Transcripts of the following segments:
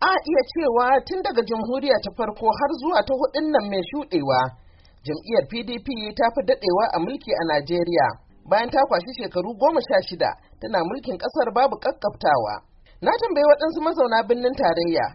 a iya cewa tun daga jamhuriya ta farko har zuwa ta hudun nan mai shuɗewa jam'iyyar pdp ta fi daɗewa a mulki a najeriya bayan ta kwashi shekaru goma sha shida tana mulkin ƙasar babu ƙaƙƙaftawa na tambayi waɗansu mazauna birnin tarayya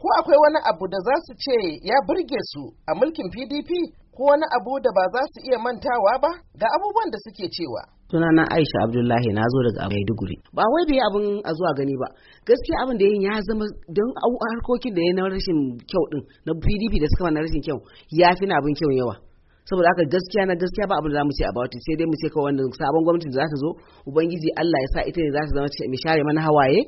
ko akwai wani abu da za su ce ya burge su a mulkin pdp ko wani abu da ba za su iya mantawa ba ga abubuwan da suke cewa sunana Aisha Abdullahi na zo daga Maiduguri ba wai bai abin a zuwa gani ba gaskiya abin da yin ya zama don harkokin da ya na rashin kyau din na PDP da suka na rashin kyau ya fi na abin kyau yawa saboda haka gaskiya na gaskiya ba abin da zamu ce about it sai dai mu ce kawai wannan sabon gwamnati da za ta zo ubangiji Allah ya sa ita ne za ta zama mai share mana hawaye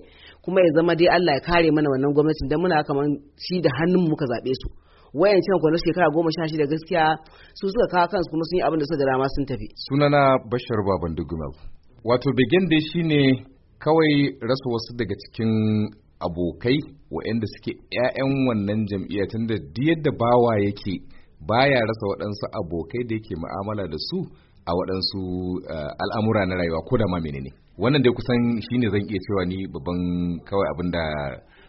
kuma ya zama dai Allah ya kare mana wannan gwamnatin dan muna kamar shi da hannun muka zabe su Wayan can kwanar shekara goma sha shida gaskiya su suka kawo kansu kuma sun yi abin da suka dama sun tafi sunana bashar baban dugumal wato begin dai shine kawai rasa wasu daga cikin abokai waɗanda suke 'ya'yan wannan jam'iyya tunda yadda bawa yake baya rasa waɗansu abokai da yake mu'amala da su a waɗansu eh, al'amura na rayuwa ko da ma menene wannan dai kusan shine zan iya cewa ni babban kawai abin da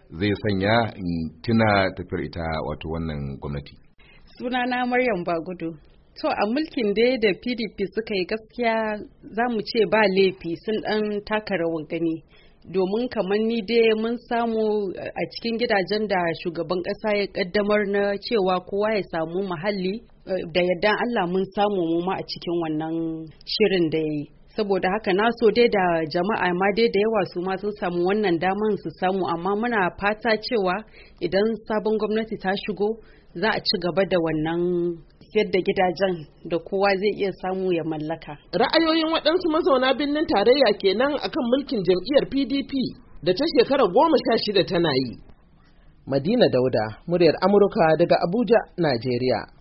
zai sanya in tuna tafiyar ita wato wannan gwamnati. Sunana Maryam Bagudu. To a mulkin dai da PDP suka yi gaskiya za mu ce ba laifi sun ɗan taka rawar gani. domin kamar ni dai mun samu a cikin gidajen da shugaban ƙasa ya ƙaddamar na cewa kowa ya samu muhalli eh, da yadda Allah mun samu mu ma a cikin wannan shirin da ya yi saboda haka na so dai da jama'a ma dai da yawa su ma sun samu wannan daman su samu amma muna fata cewa idan sabon gwamnati ta shigo za a ci gaba da wannan da gidajen da kowa zai iya samu ya mallaka. Ra'ayoyin waɗansu mazauna birnin tarayya kenan akan mulkin jam'iyyar PDP da ta shekara goma sha shida tana yi. Madina Dauda, muryar Amurka daga Abuja, Najeriya.